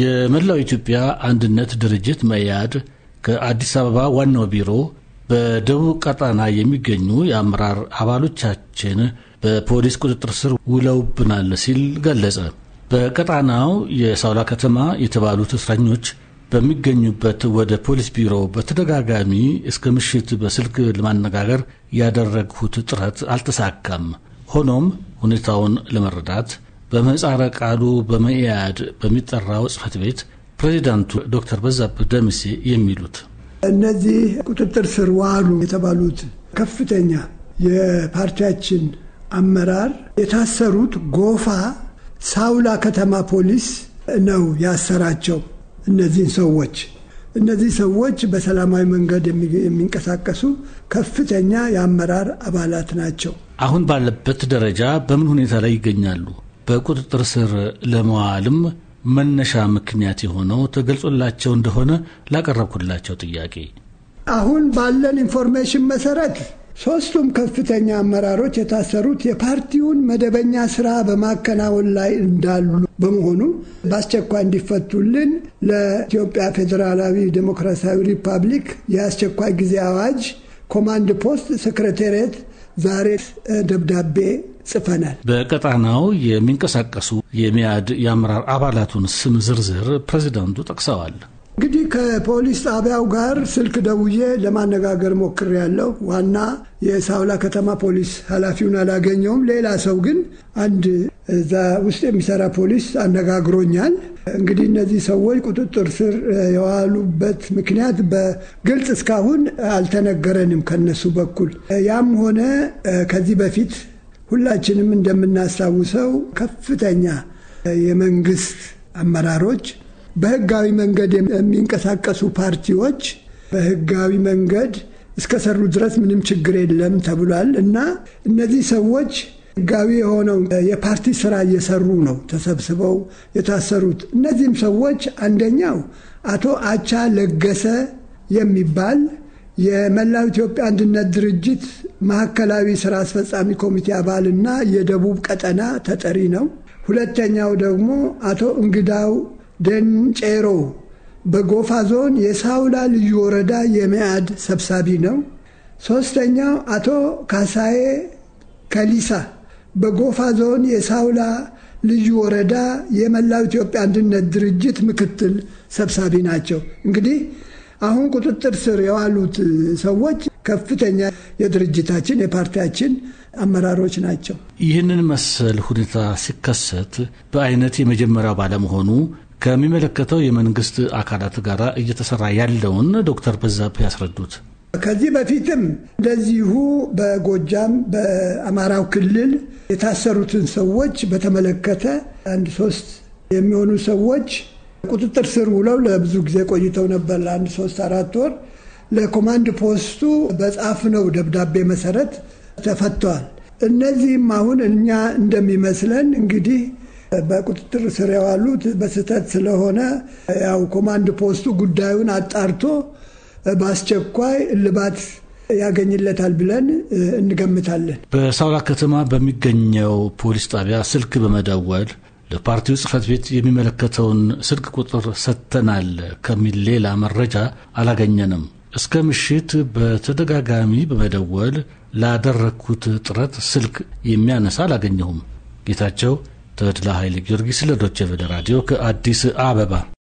የመላው ኢትዮጵያ አንድነት ድርጅት መያድ ከአዲስ አበባ ዋናው ቢሮ በደቡብ ቀጠና የሚገኙ የአመራር አባሎቻችን በፖሊስ ቁጥጥር ስር ውለውብናል ሲል ገለጸ። በቀጣናው የሳውላ ከተማ የተባሉት እስረኞች በሚገኙበት ወደ ፖሊስ ቢሮ በተደጋጋሚ እስከ ምሽት በስልክ ለማነጋገር ያደረግሁት ጥረት አልተሳካም። ሆኖም ሁኔታውን ለመረዳት በመጻረ ቃሉ በመኢአድ በሚጠራው ጽህፈት ቤት ፕሬዚዳንቱ ዶክተር በዛብህ ደምሴ የሚሉት እነዚህ ቁጥጥር ስር ዋሉ የተባሉት ከፍተኛ የፓርቲያችን አመራር የታሰሩት ጎፋ ሳውላ ከተማ ፖሊስ ነው ያሰራቸው። እነዚህን ሰዎች እነዚህ ሰዎች በሰላማዊ መንገድ የሚንቀሳቀሱ ከፍተኛ የአመራር አባላት ናቸው። አሁን ባለበት ደረጃ በምን ሁኔታ ላይ ይገኛሉ? በቁጥጥር ስር ለመዋልም መነሻ ምክንያት የሆነው ተገልጾላቸው እንደሆነ ላቀረብኩላቸው ጥያቄ አሁን ባለን ኢንፎርሜሽን መሰረት ሶስቱም ከፍተኛ አመራሮች የታሰሩት የፓርቲውን መደበኛ ስራ በማከናወን ላይ እንዳሉ በመሆኑ በአስቸኳይ እንዲፈቱልን ለኢትዮጵያ ፌዴራላዊ ዴሞክራሲያዊ ሪፐብሊክ የአስቸኳይ ጊዜ አዋጅ ኮማንድ ፖስት ሴክሬታሪያት ዛሬ ደብዳቤ ጽፈናል። በቀጣናው የሚንቀሳቀሱ የሚያድ የአመራር አባላቱን ስም ዝርዝር ፕሬዚዳንቱ ጠቅሰዋል። እንግዲህ ከፖሊስ ጣቢያው ጋር ስልክ ደውዬ ለማነጋገር ሞክር ያለው ዋና የሳውላ ከተማ ፖሊስ ኃላፊውን አላገኘውም። ሌላ ሰው ግን አንድ እዛ ውስጥ የሚሰራ ፖሊስ አነጋግሮኛል። እንግዲህ እነዚህ ሰዎች ቁጥጥር ስር የዋሉበት ምክንያት በግልጽ እስካሁን አልተነገረንም ከነሱ በኩል። ያም ሆነ ከዚህ በፊት ሁላችንም እንደምናስታውሰው ከፍተኛ የመንግስት አመራሮች በህጋዊ መንገድ የሚንቀሳቀሱ ፓርቲዎች በህጋዊ መንገድ እስከሰሩ ድረስ ምንም ችግር የለም ተብሏል እና እነዚህ ሰዎች ህጋዊ የሆነው የፓርቲ ስራ እየሰሩ ነው ተሰብስበው የታሰሩት። እነዚህም ሰዎች አንደኛው አቶ አቻ ለገሰ የሚባል የመላው ኢትዮጵያ አንድነት ድርጅት ማዕከላዊ ስራ አስፈጻሚ ኮሚቴ አባልና የደቡብ ቀጠና ተጠሪ ነው። ሁለተኛው ደግሞ አቶ እንግዳው ደንጨሮ በጎፋ ዞን የሳውላ ልዩ ወረዳ የመያድ ሰብሳቢ ነው። ሶስተኛው አቶ ካሳዬ ከሊሳ በጎፋ ዞን የሳውላ ልዩ ወረዳ የመላው ኢትዮጵያ አንድነት ድርጅት ምክትል ሰብሳቢ ናቸው። እንግዲህ አሁን ቁጥጥር ስር የዋሉት ሰዎች ከፍተኛ የድርጅታችን የፓርቲያችን አመራሮች ናቸው። ይህንን መሰል ሁኔታ ሲከሰት በአይነት የመጀመሪያው ባለመሆኑ ከሚመለከተው የመንግስት አካላት ጋር እየተሰራ ያለውን ዶክተር በዛብ ያስረዱት። ከዚህ በፊትም እንደዚሁ በጎጃም በአማራው ክልል የታሰሩትን ሰዎች በተመለከተ አንድ ሶስት የሚሆኑ ሰዎች ቁጥጥር ስር ውለው ለብዙ ጊዜ ቆይተው ነበር። ለአንድ ሶስት አራት ወር ለኮማንድ ፖስቱ በጻፍነው ደብዳቤ መሰረት ተፈተዋል። እነዚህም አሁን እኛ እንደሚመስለን እንግዲህ በቁጥጥር ስር የዋሉት በስህተት ስለሆነ ያው ኮማንድ ፖስቱ ጉዳዩን አጣርቶ በአስቸኳይ እልባት ያገኝለታል ብለን እንገምታለን። በሳውላ ከተማ በሚገኘው ፖሊስ ጣቢያ ስልክ በመደወል ለፓርቲው ጽህፈት ቤት የሚመለከተውን ስልክ ቁጥር ሰጥተናል ከሚል ሌላ መረጃ አላገኘንም። እስከ ምሽት በተደጋጋሚ በመደወል ላደረግኩት ጥረት ስልክ የሚያነሳ አላገኘሁም። ጌታቸው ተድላ ኃይለ ጊዮርጊስ ለዶቼ ቬለ ራዲዮ ከአዲስ አበባ